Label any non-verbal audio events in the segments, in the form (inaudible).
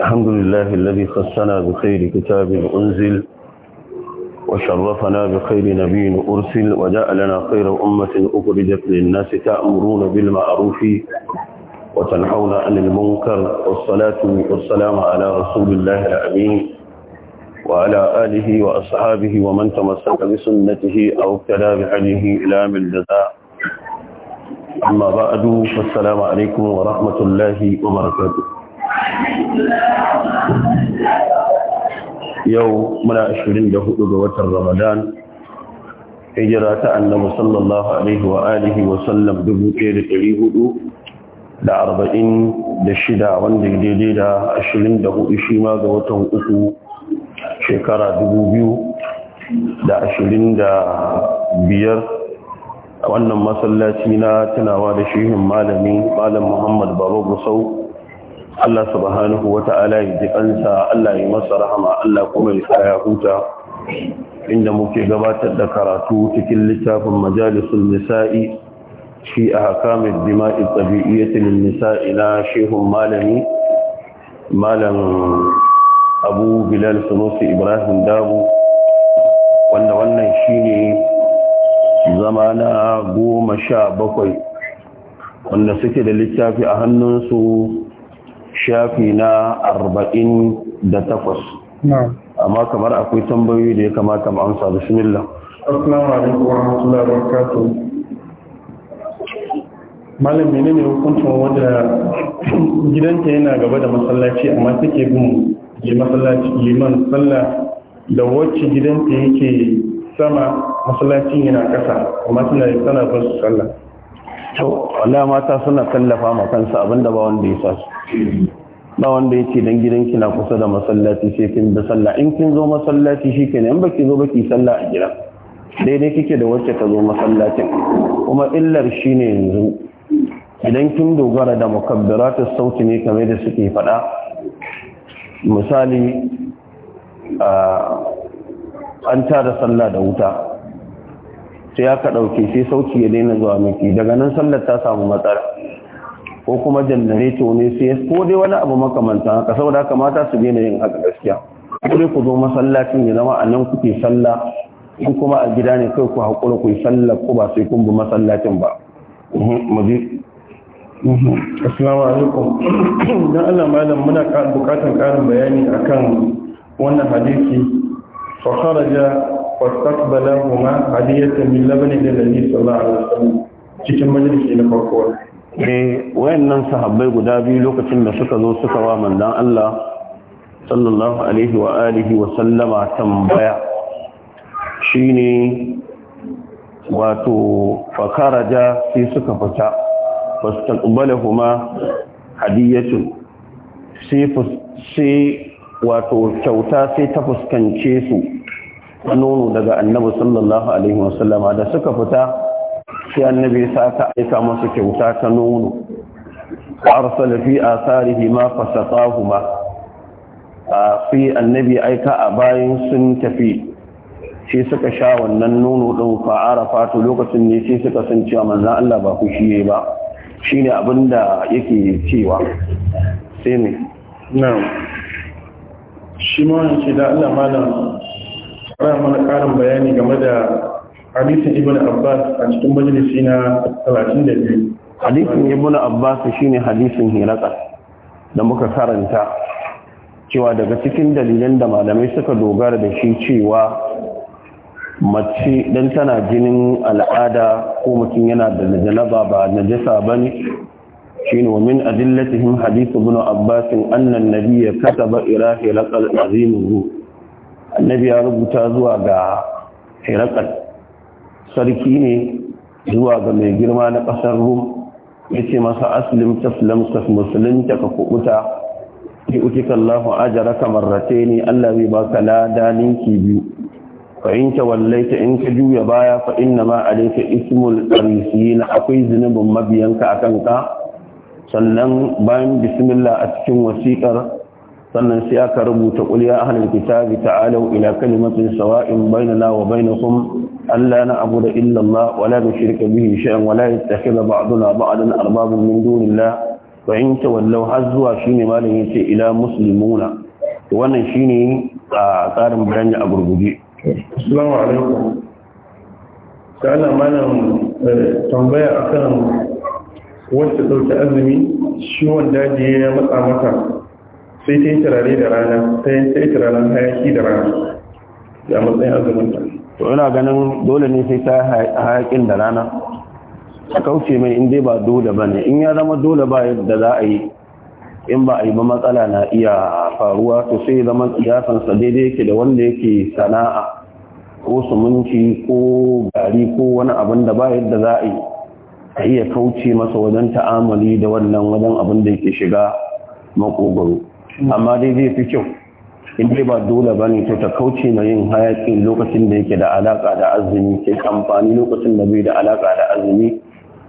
الحمد لله الذي خصنا بخير كتاب أنزل وشرفنا بخير نبي أرسل وجعلنا خير أمة أخرجت للناس تأمرون بالمعروف وتنحون عن المنكر والصلاة والسلام على رسول الله الأمين وعلى آله وأصحابه ومن تمسك بسنته أو كلام بهديه إلى من الجزاء أما بعد فالسلام عليكم ورحمة الله وبركاته yau muna 24 ga watan ramadan hijira ta annabi sallallahu alaihi wa alihi wa sallam 1446 wanda ya daidai da 24 shi ma ga watan uku shekara biyar. a wannan masallaci na tunawa da shehin malami malam muhammad babu gusau Allah subhanahu wa ta'ala ya ji kansa Allah ya masa rahama Allah kuma ya tsaya huta inda muke gabatar da karatu cikin littafin Majalisun nisa'i fi ahkamid dima'i tabi'iyyati nisa'i na shehun malami malam Abu Bilal Sunusi Ibrahim Dabu wanda wannan shine zama na goma sha bakwai wanda suke da littafi a hannunsu shafi na arba'in da takwas amma kamar akwai tambayoyi da ya kamata mu amsa bismillah assalamu alaikum wa rahmatullahi wa barakatuh malam menene hukuncin wanda gidanta yana gaba da masallaci amma take bin yi masallaci liman sallah da wacce gidanta yake sama masallacin yana kasa amma tana tana bin sallah Allah mata suna tallafa ma kansu abinda ba wanda ya sasu ba wanda yake dan gidan na kusa da masallaci sai kin da sallah in kin zo masallaci shi shikenan in baki zo baki sallah a gida daidai kike da wacce ta zo masallacin kuma illar shine yanzu idan kin dogara da mukabbiratu sauti ne kamar da suke faɗa misali an tara sallah da wuta sai ka ɗauke sai sauki ya daina zuwa miki daga nan sallar ta samu matsala ko kuma janareto ne sai ko dai wani abu makamanta haka saboda haka mata su daina yin haka gaskiya ko dai ku zo masallacin ya zama a nan kuke sallah ku kuma a gida ne kai ku haƙura ku yi sallar ku ba sai kun bi masallacin ba uhm, uhm, Assalamu alaikum. Don Allah malam muna bukatan ƙarin bayani akan wannan hadisi. Fa kharaja fastaqbalahuma hadiyatan min labanin da nabi sallallahu alaihi wasallam cikin majalisi na farko eh wayannan sahabbai guda biyu lokacin da suka zo suka wa manzon Allah sallallahu alaihi wa alihi wa sallama tambaya shine wato fakaraja sai suka fita fastaqbalahuma hadiyatun sai wato kyauta sai ta fuskance su ta nono daga annabi sallallahu alaihi wasallama da suka fita sai annabi ya sa aika masu kyauta ta nono arsala fi asarihi ma fasaqahuma a fi annabi aika a bayan sun tafi shi suka sha wannan nono din fa'ara fatu lokacin ne sai suka san cewa manzon Allah ba ku shiye ba shine abin da yake cewa sai ne na'am shi ma yake da Allah malam Ana mana karin bayani game da hadisin ibn abbas a cikin majalisi na 32 hadisin ibn abbas shine hadisin hiraka da muka karanta cewa daga cikin dalilan da malamai suka dogara da shi cewa mace dan tana jinin al'ada ko mutum yana da najalaba ba najasa ne, shine wa min adillatihim hadith ibn abbas annan an-nabiy kataba ila hiraka al ruh annabi ya rubuta zuwa ga hirakar sarki ne zuwa ga mai girma na ƙasar rum ya ce masa aslim taslam tas musulun ta ka kubuta ki utika kamar rate ne Allah zai ka lada ninki biyu fa in ta wallaita in ka juya baya fa inna ma alayka ismul na. akwai zunubin mabiyanka akan ka sannan bayan bismillah a cikin wasiƙar sannan sai aka rubuta ƙulya ahlul kitabi ta'alau ila kalimatin sawa'in bainana wa bainakum alla na'budu illa illallah wa la nushrika bihi shay'an wa la yattakhidha ba'duna ba'dan arbaban min dunillah wa in tawallaw hazwa shine malamin yace ila muslimuna to wannan shine a tsarin bayani a gurguje assalamu alaikum kana malam eh, tambaya akan wacce dauke azumi ciwon daji ya matsa mata sai ta yi turare da rana ta yi turaren hayaki da rana ya matsayin azumin ta to ina ganin dole ne sai ta hayakin da rana a kauce mai inda ba dole ba ne in ya zama dole ba yadda za a yi in ba a yi ba matsala na iya faruwa to sai zama sa daidai yake da wanda yake sana'a ko sumunci ko gari ko wani abin da ba yadda za a yi a iya kauce masa wajen ta'amali da wannan wajen abin da yake shiga makogaro amma dai zai fi kyau in dai ba dole ba ne to ta kauce ma yin hayaƙi lokacin da yake da alaƙa da azumi ke amfani lokacin da bai da alaƙa da azumi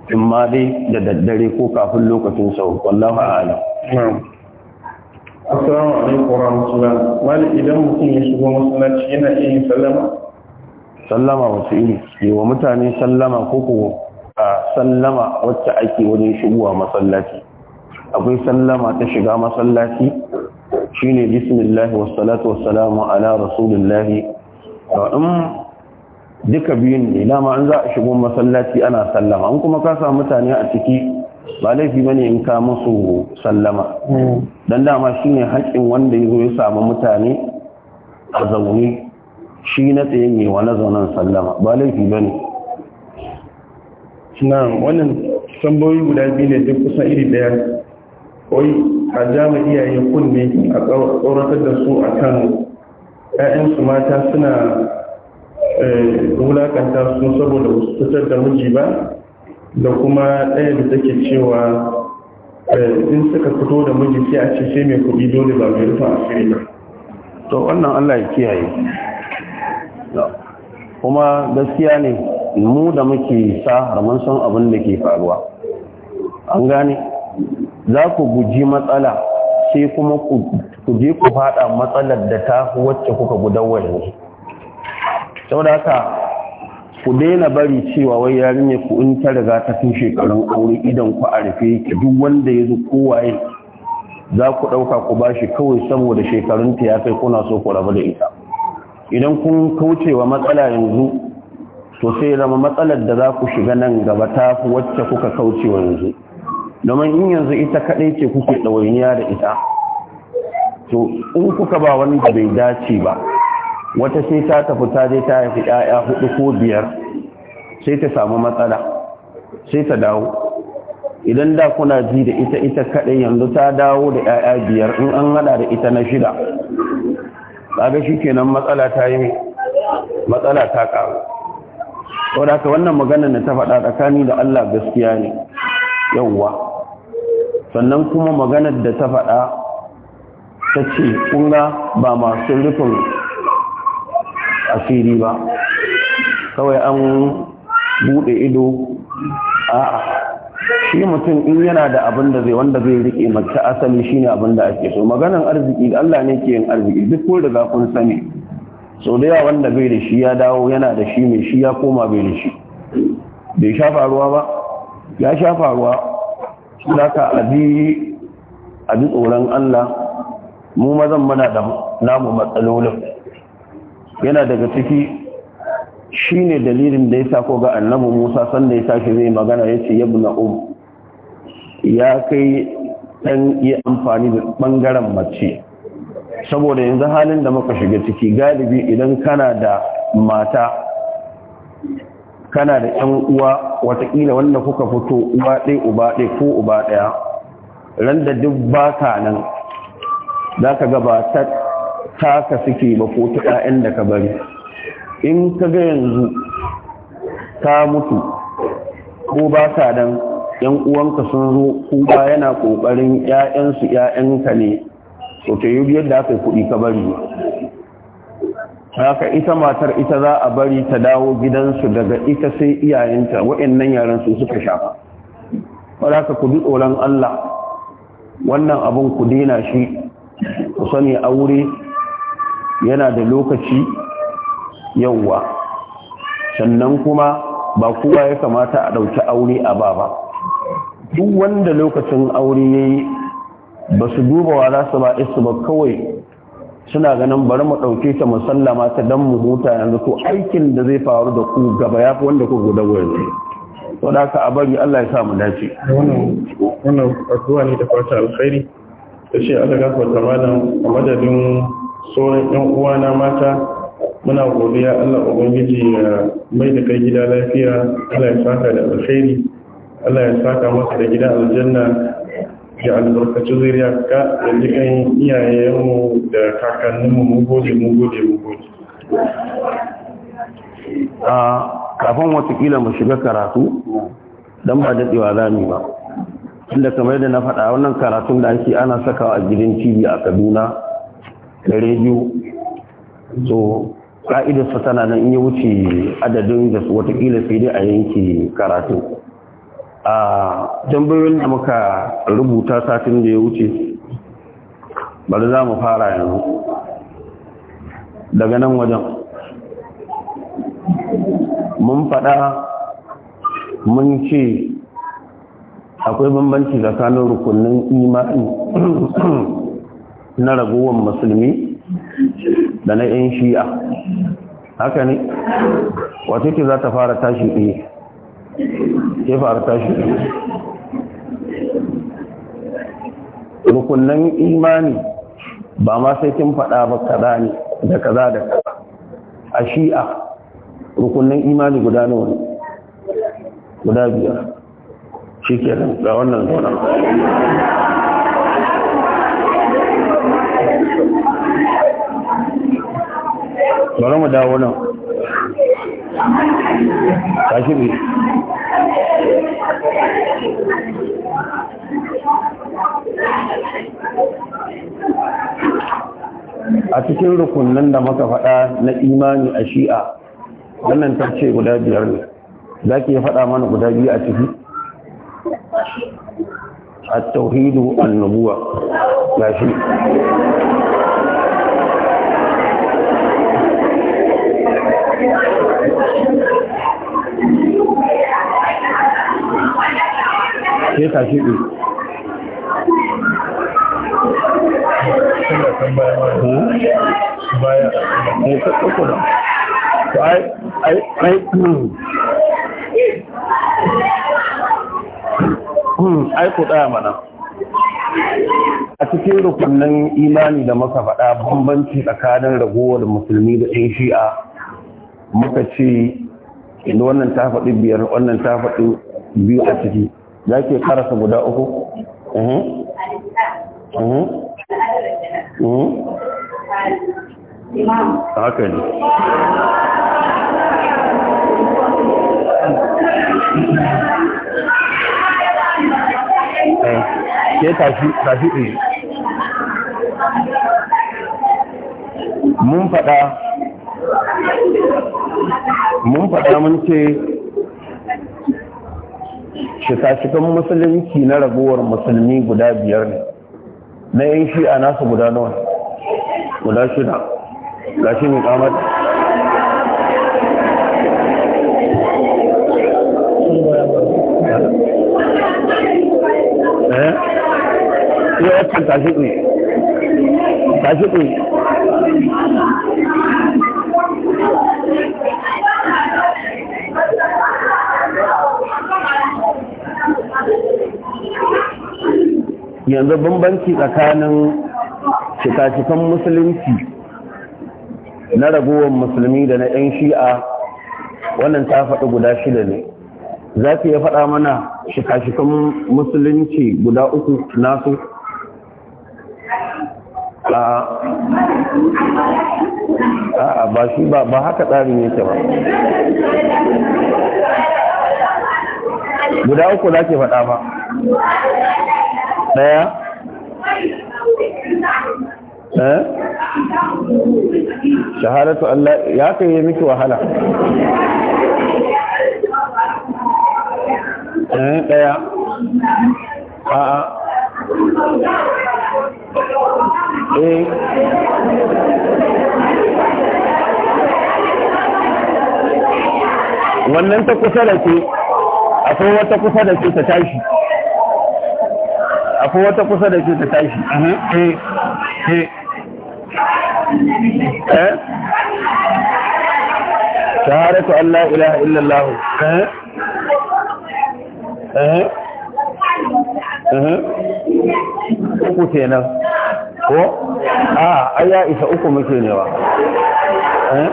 in ma dai da daddare ko kafin lokacin sau wallahu a'ala assalamu alaikum wa rahmatullahi wani idan mutum ya shigo masallaci yana iya yin sallama sallama wasu iri yi wa mutane sallama ko ko a sallama wacce ake wajen shigowa masallaci akwai sallama ta shiga masallaci shine bismillah wassalatu wassalamu ala rasulillah to in duka biyun ne dama an za a shigo masallaci ana sallama an kuma ka sa mutane a ciki ba laifi bane in ka musu sallama dan dama shine haƙin wanda yazo ya samu mutane a zaune shi na tsaye ne wa na zaunan sallama ba laifi bane na wannan tambayoyi guda biyu ne duk kusan iri daya koyi a jami iyaye kunne a tsoratar da su a kan ‘ya'yansu mata suna eh, wulakanta su saboda fitar da miji ba da kuma ɗaya da take cewa eh, in suka fito da miji sai a ce sai mai kuɗi dole ba mai rufa asiri ba to wannan allah ya kiyaye kuma gaskiya ne mu da muke sa mun san abin da ke faruwa an gane za ku guji matsala sai kuma ku je ku fada matsalar da ta wacce kuka gudawar ne da haka ku daina bari cewa wai yarinya ku in ta riga ta fi shekarun aure idan ku a rufe ki duk wanda ya zo kowaye za ku ɗauka ku bashi kawai saboda shekarun ta ya kai kuna so ku rabu da ita idan kun kauce wa matsala yanzu to sai zama matsalar da za ku shiga nan gaba ta wacce kuka kauce wa yanzu domin in yanzu ita kaɗai ce kuke ɗawainiya da ita to in kuka ba wanda bai dace ba wata sai ta tafi ta je ta haifi ƴaƴa hudu ko biyar sai ta samu matsala sai ta dawo idan da kuna ji da ita ita kaɗai yanzu ta dawo da ƴaƴa biyar in an haɗa da ita na shida kaga kenan matsala ta yi matsala ta ƙaru saboda ka wannan magana da ta faɗa tsakani da Allah gaskiya ne yawwa sannan kuma maganar da ta faɗa ta ce ƙunga ba masu rufin asiri ba kawai an buɗe ido a shi mutum in yana da abin da zai wanda zai riƙe mace asali shi ne abin da ake so maganar arziki Allah ne ke yin arziki duk ko da kun sani sau da yawa wanda bai da shi ya dawo yana da shi mai shi ya koma bai da shi bai sha faruwa ba ya sha faruwa zaka abi abi tsoron Allah mu mazan muna da namu matsalolin yana daga ciki shine dalilin da ya sa ko ga annabi Musa sanda ya tashi zai magana yace yabu um ya kai ɗan yi amfani da bangaren mace saboda yanzu halin da muka shiga ciki galibi idan kana da mata kana da ‘yan uwa watakila wanda kuka fito uba ɗaya uba ɗaya ko uba ɗaya ran duk ba ka nan za ka gaba ta taka suke ba ko ta ‘ya'yan da ka bari in ka ga yanzu ta mutu ko ba ka nan ‘yan uwanka sun zo ba yana ƙoƙarin ‘ya'yansu ‘ya'yanka ne to ta yi yadda aka yi kuɗi ka bari haka ita matar ita za a bari ta dawo gidansu daga ita sai iyayenta wa'annan yaran su suka shafa za ku bi tsoron Allah wannan abin ku dena shi ku sani aure yana da lokaci yauwa sannan kuma ba kowa ya kamata a ɗauki aure a ba ba duk wanda lokacin aure ya yi ba su duba wa za su ba isu ba kawai suna ganin bari mu ɗauke ta musallama ta dan mu huta yanzu ko aikin da zai faru da ku gaba ya fi wanda ku guda yanzu to da ka a bari Allah ya sa mu dace wannan addu'a ne da fata alkhairi da shi Allah gafarta malam a madadin sauran yan uwa na mata muna godiya Allah ubangiji ya mai da kai gida lafiya Allah ya saka da alkhairi Allah ya saka masa da gida aljanna da albarkaci ka da jikin iyayenmu da kakanninmu mu gode mu gode mu gode a kafin watakila mu shiga karatu don ba daɗewa zami ba inda kamar yadda na faɗa wannan karatun da ake ana sakawa a gidan tv a kaduna da rediyo so ƙa'idarsa tana nan in ya wuce adadin da watakila sai dai a yanke karatu a tambayoyin da muka rubuta satin da ya wuce bari za mu fara yanzu daga nan wajen mun faɗa mun ce akwai bambanci tsakanin rukunin imani na ragowar musulmi da na 'yan shi'a haka ne wacce ke za ta fara tashi ɗaya ke faru tashi rukunan imani ba ma sai kin fada ba kaza ne da kaza da kaza a shi'a rukunan imani guda nawa ne guda biyar shi ke nan ga wannan zaunar bari mu dawo nan tashi biyu a cikin rukunan da muka faɗa na imani a shi'a wannan tarce guda biyar ne za ki faɗa mana guda biyu a ciki a tauhidu annabuwa ga shi sai ka shi hmm? ai ɗaya mana a cikin rukunin imani da maka faɗa bambanci tsakanin ragowar musulmi da ɗin shi'a muka ce inda wannan ta faɗi biyar wannan ta faɗi biyu a ciki za ke karasa guda uku haka ne eh, ke tafi ɗin mun faɗa mun faɗa mun ce shika-shikan musulunci na raguwar musulmi guda biyar ne na yin shi'a nasu guda nawa guda shida ga shi mai kamar eh? yau tashi ne tashi ne yanzu bambanci tsakanin cikacikan musulunci na ragowar musulmi da na 'yan shi'a wannan ta faɗi guda shida ne za ki ya faɗa mana shikacikan musulunci guda uku nasu a ba shi ba haka tsarin yake ba guda uku za ki faɗa ba daya eh shahadatu Allah ya kai yi miki wahala eh daya a a eh wannan ta kusa da ke akwai wata kusa da ke ta tashi akwai wata kusa da ke ta tashi eh? shaharatu Allah ilaha illallah eh? Eh? uku kenan ko a aya isa uku muke newa ke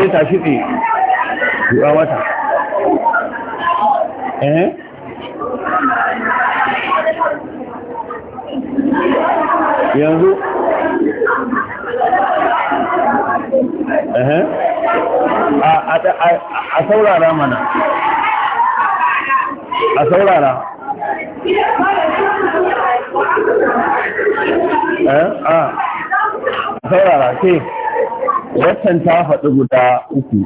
sai tashi tsi ba wata eh yanzu a saurara mana a saurara a saurara ke watan ta faɗi guda uku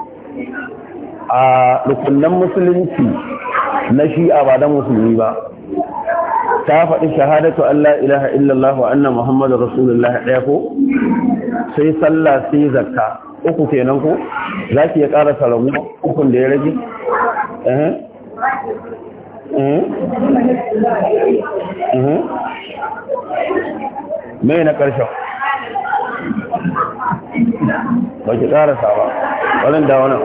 a rukunan musulunci na shi'a ba da musulmi ba ta faɗi shahadatu Allah ilaha illallah wa anna Muhammadu Rasulullah ɗaya ko sai sallah sai zakka uku kenan ko za ki ya ƙara salamu ukun da ya rage eh, eh? eh? mai na ƙarshen ba ki ƙarasa ba waɗanda wani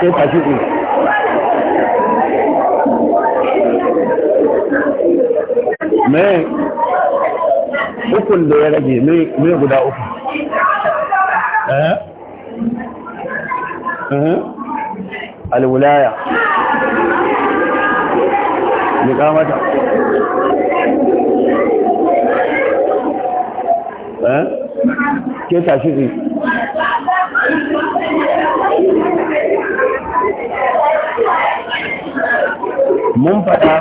sai tashi ɗin me ukun da ya rage me guda uku eh? eh? alwulaya liƙa mata eh? ke tashi ne mun fata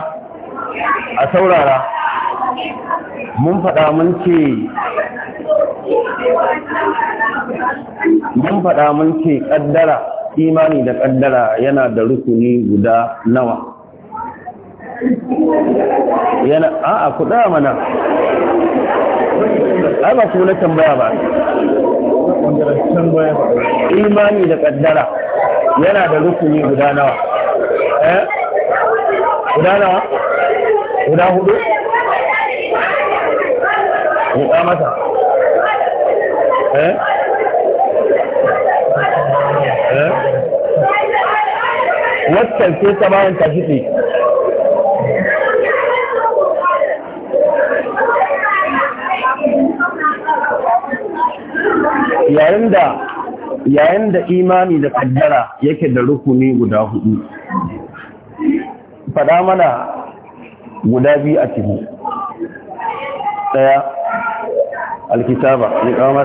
a saurara mun faɗa mun ce mun faɗa mun ce ƙaddara imani da ƙaddara yana da rukuni guda nawa yana a a kuɗa mana ai ba su na tambaya ba imani da ƙaddara yana da rukuni guda nawa eh? guda nawa guda hudu roƙa masa eh? Eh? ce ta bayan ta jiɗe yayin da yayin da imani da kaddara yake da rukuni guda hudu fada mana guda biyu a ciki daya alkitaba ya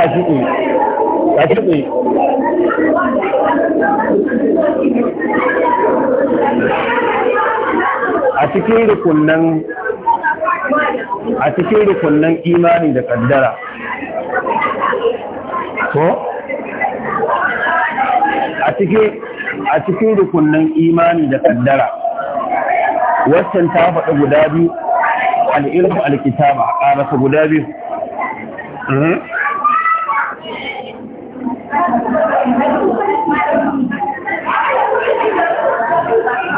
a cikin a cikin rukunan imani da kaddara ko cike a cikin rukunnan imani da kaddara waccan ta faɗi guda biyu al'ilmu alkitaba a ƙarasa guda biyu mhm.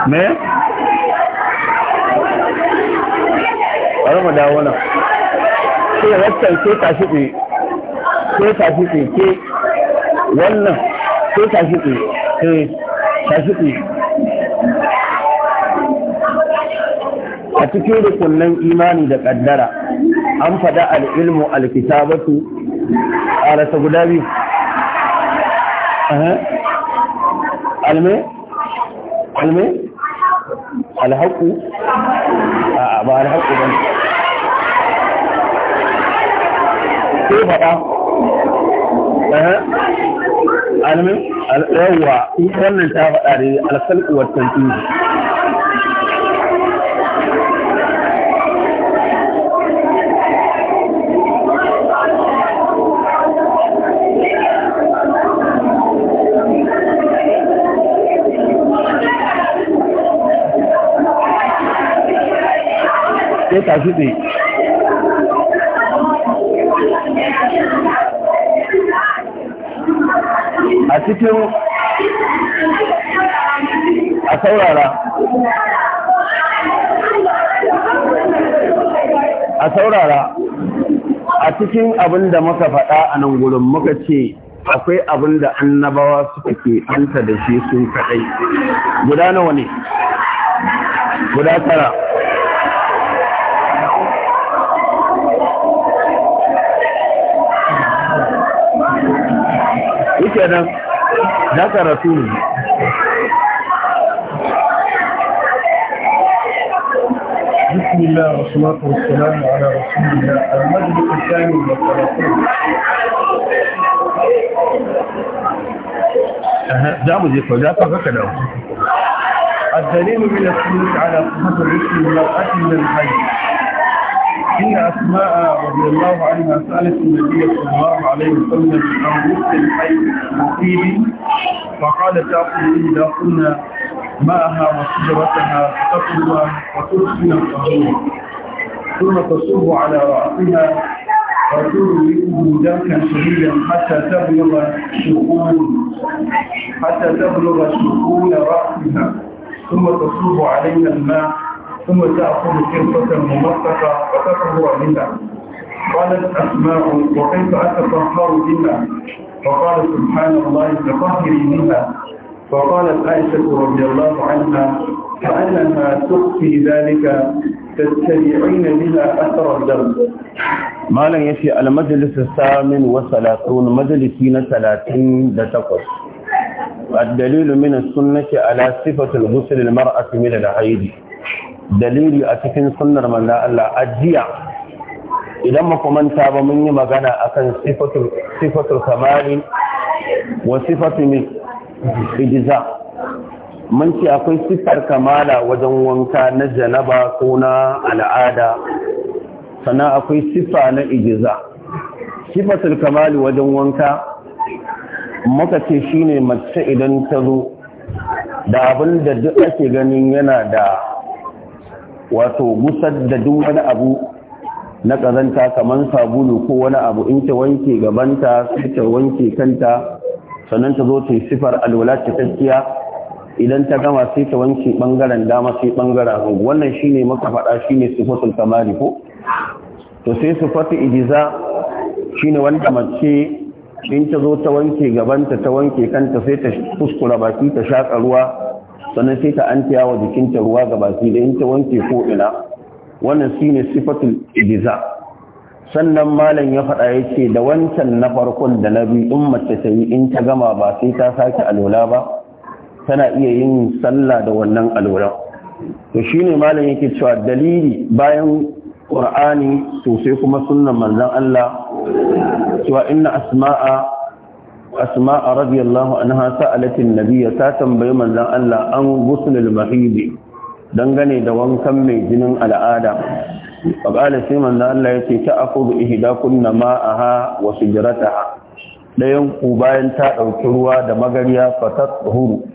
me? bari mu dawo nan ke waccan ke tashi ke tashi ke wannan ke tashi ke eh a cikin rukunnan imani da kaddara an faɗa al'ilmu alkitabatu a rasa guda biyu alme alme alhaku a ba alhaku ba ne faɗa alamin yawa wannan ta faɗa ne alkalku wa tantiyu sai tashi da a saurara a cikin abin da muka faɗa a nan gurin muka ce akwai abin da annabawa suka ke anta da shi sun kaɗai guda nawa ne guda tara yake nan ذكر فيه بسم الله والصلاة والسلام على رسول الله المجلس الثاني والثلاثين دعوا ذي وده فكذا الدليل من السلوك على صحة من المرأة من الحي إن أسماء رضي الله عنها سألت النبي صلى الله عليه وسلم عن وقت الحي نصيبي فقال تأخذ إذا قلنا ماءها وشجرتها تقلها وترسل الطهور ثم تصب على رأسها وتروي ذاكا شديدا حتى تبلغ شقول حتى تبلغ شقول رأسها ثم تصب عليها الماء ثم تأخذ كرفة ممسكة وتطهر منها قالت أسماء وكيف أتطهر منها فقال سبحان الله فطهري بها فقالت عائشة رضي الله عنها كأنها تخفي ذلك تتبعين بها أثر الدم ما لن يشي المجلس الثامن وثلاثون مجلسين ثلاثين لتقص الدليل من السنة على صفة الغسل المرأة من العيد دليل أتكن سنة من الله أجيع idan manta ba mun yi magana akan sifatul kamali wa sifatul ijiza mun ce akwai sifar kamala wajen wanka na janaba ko na al'ada sannan akwai sifa na ijza sifatul kamali wajen wanka muka ce shine mace idan ta zo da abin da duk ake ganin yana da wato musar da duk wani abu na ƙazanta kamar sabulu ko wani abu in ta wanke gabanta sai ta wanke kanta sannan ta zo ta yi sifar alwala cikakkiya idan ta gama sai ta wanke ɓangaren dama sai ɓangaren hagu wannan shine maka faɗa shine sifatul kamari ko to sai sifatul ijiza shine wanda mace in ta zo ta wanke gabanta ta wanke kanta sai ta kuskura baki ta shaƙa ruwa sannan sai ta antiya wa jikinta ruwa ga baki da in ta wanke ko ina wannan shine sifatul idiza sannan malam ya faɗa ce da wancan na farkon da na biyu in mace ta yi in ta gama ba sai ta sake alwala ba tana iya yin sallah da wannan alwala to shine malam yake cewa dalili bayan qur'ani to sai kuma sunnan manzon Allah cewa inna asma'a asma'a radiyallahu anha sa'alatin nabiyya ta tambayi manzon Allah an gusulul mahidi dangane da wankan mai jinin al'ada faƙala sai manzo Allah yace ta akudu ihdakunna ma'aha wa sujrataha dayan ku bayan ta dauki ruwa da magariya fatatahuru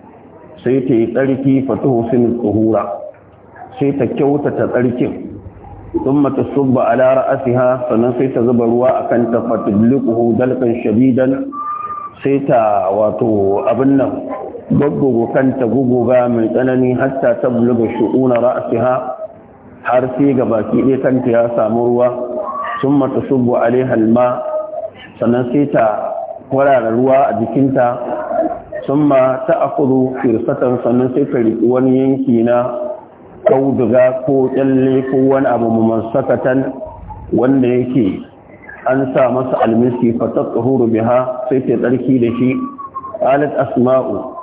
sai ta yi tsarki fatuhu sin tsuhura sai ta kyautata tsarkin thumma tasubba ala ra'siha sannan sai ta zuba ruwa akan ta fatudliquhu dalqan sai ta wato abin nan gaggogo kanta guguga mai tsanani hatta ta buluga shu'una ra'asiha har sai ga baki ɗaya kanta ya samu ruwa sun mata subu alaihal ma sannan sai ta kwarara ruwa a jikinta sun ma ta akuru firsatan sannan sai ta riƙi wani yanki na kauduga ko tsalle ko wani abu sakatan wanda yake an sa masa almisi fatat tsohuru biha sai ta tsarki da shi qalat asma'u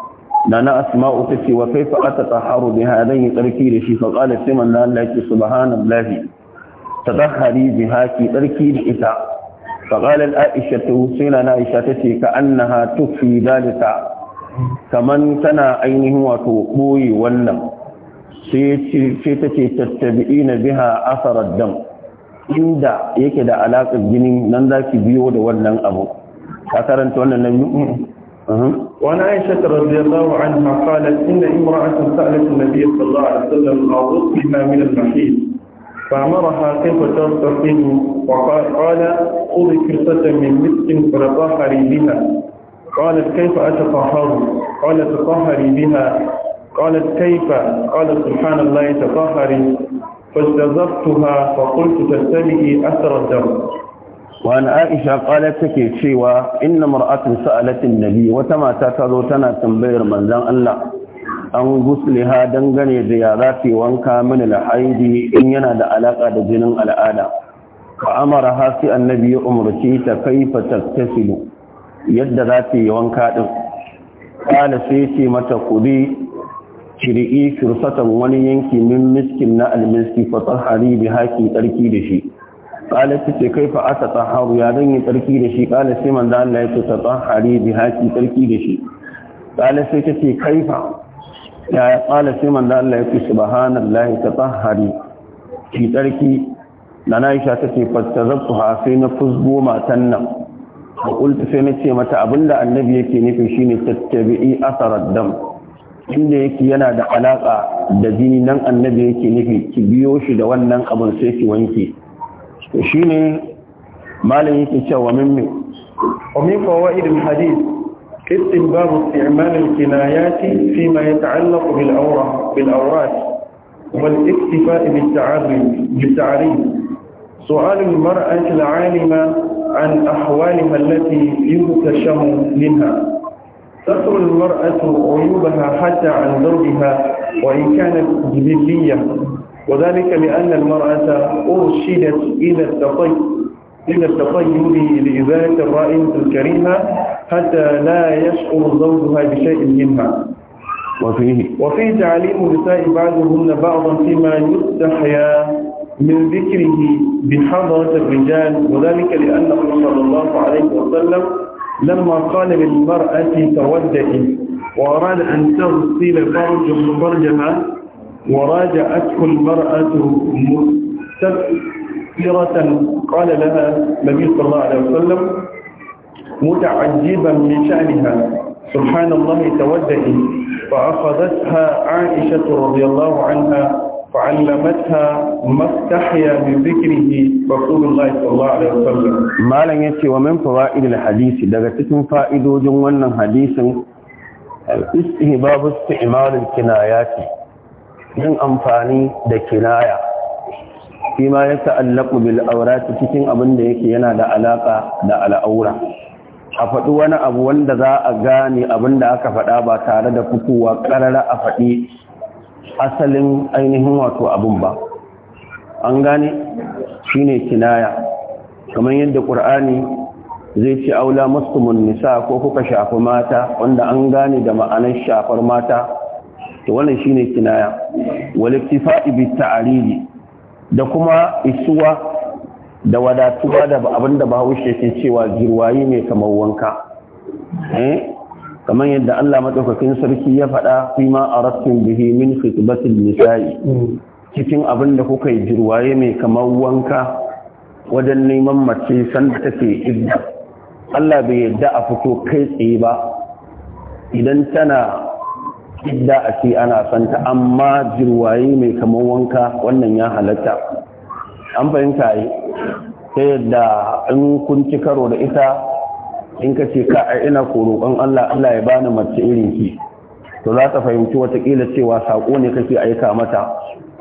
da asma'u ta ce wa kai fa aka tsaharu bi hadan yi tsarki da shi faƙalar siman na laki subhanan lahi ta tsahari bi haki tsarki da ita faƙalar aisha ta wuce na na aisha ta ce ka an na ha tufi kamar tana ainihin wato ɓoye wannan sai ta ce tattabi'i na biha asarar dam inda yake da alaƙar jini nan za ki biyo da wannan abu ka karanta wannan nan وعن عائشة رضي الله عنها قالت إن امرأة سألت النبي صلى الله عليه وسلم عن بما من المحيط فأمرها كيف ترتقيه وقال قال خذي فرصة من مسك فتطهري بها قالت كيف أتطهر قال تطهري بها قالت كيف قال سبحان الله تطهري فاجتذبتها فقلت تتبعي أثر الدم وأن عائشة قالت تكي شيوا إن مرأة سألت النبي وتما تتذو تنا تنبير من ذن الله أن غسلها دنغني ذيارات وانكا من الحيد إن ينادى علاقة جنن الآلة فأمرها سي النبي أمرتيت كيف تغتسل يد ذاتي وانكا قال سيتي متى قدي شرئي فرصة ونينك من مسك نأل مسك فطهري بها كي تركي لشي kala ta ce kai fa aka tsaharu ya zan yi tsarki da shi kala sai manzo Allah ya ta tsahari bi haki tsarki da shi kala sai ta ce kai fa ya kala sai manzo Allah ya ce subhanallahi ta tsahari ki tsarki na ta ce fastazabtu ha sai na fuzgo matan nan ha kulta sai na ce mata abinda annabi yake nufi shine tattabi'i asarar dam inda yake yana da alaka da jini nan annabi yake nufi ki biyo shi da wannan abin sai ki wanke to shine malam yake cewa mimmi ومن فوائد الحديث استنباب استعمال الكنايات فيما يتعلق بالأورة بالأورات والاكتفاء بالتعريف بالتعريف سؤال المرأة العالمة عن أحوالها التي يكتشم منها تطر المرأة عيوبها حتى عن زوجها وإن كانت جبلية وذلك لأن المرأة أرشدت إلى التطيب إلى التطيب لإزالة الرائمة الكريمة حتى لا يشعر زوجها بشيء منها وفيه وفيه تعليم النساء بعضهن بعضا فيما يستحيا من ذكره بحضرة الرجال وذلك لأنه صلى الله عليه وسلم لما قال للمرأة تودئي وأراد أن تغسل فرج فرجها وراجعته المرأة مستثيرة قال لها النبي صلى الله عليه وسلم متعجبا من شأنها سبحان الله توجهي فأخذتها عائشة رضي الله عنها فعلمتها ما استحيا من ذكره رسول الله صلى الله عليه وسلم ما لن يتي ومن فوائد الحديث لغتكم cikin جوانا حديثا hadisin استعمال الكنايات yin amfani da kinaya shi ma ya ta'allaku bil aurati cikin abin da yake yana da alaƙa da al'aura a faɗi wani abu wanda za a gane abin da aka faɗa ba tare da fitowa ƙarara a faɗi asalin ainihin wato abin ba an gane ne kinaya kamar yadda ƙur'ani zai ce aula muslimun nisa ko kuka shafi mata wanda an gane da ma'anar shafar mata to wannan shine kinaya wal iktifa'i bi ta'rili da kuma isuwa da wadatuwa da abinda bahaushe ke cewa jirwayi ne kamar wanka eh kamar yadda Allah madaukakin sarki ya faɗa fi ma arastum bihi min khitbatil nisa'i cikin abinda kuka yi jirwaye mai kamar wanka wajen neman mace sanda take idda Allah bai yadda a fito kai tsaye ba idan tana idda a ce ana santa amma jirwaye mai kamar wanka wannan ya halatta an fahimta yi ta yadda in kun ci karo da ita in ka ce ka a ina ko roƙon Allah Allah ya bani mace irin ki to za ta fahimci watakila cewa saƙo ne kake aika mata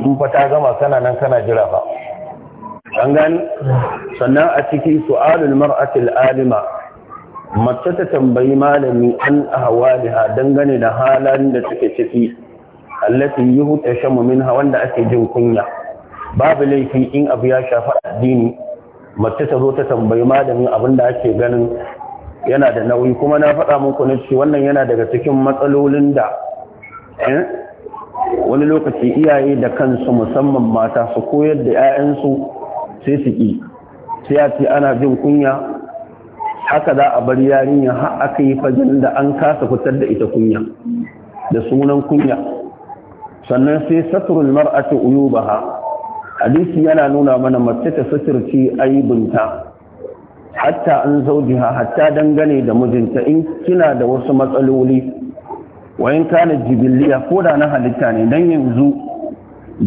in fa ta gama kana nan kana jira ba. an gani sannan a cikin su'alul mar'atil alima mace ta tambayi malami an a ahwaliha dangane da halan da take ciki allati yuhtashamu minha wanda ake jin kunya babu laifi in abu ya shafi addini mace ta zo ta tambayi malamin abin da ake ganin yana da nauyi kuma na faɗa muku na ce wannan yana daga cikin matsalolin da eh, wani lokaci iyaye da kansu musamman mata su koyar da 'ya'yansu sai su ƙi sai a ce ana jin kunya haka za a bar yarinya har aka yi fagen da an kasa fitar da ita kunya da sunan kunya sannan sai satrul mar'atu uyubaha hadisi yana nuna mana mace ta suturci aibinta hatta an zaujiha hatta dangane da mijinta in kina da wasu matsaloli wayan kana jibiliya ko da na halitta ne dan yanzu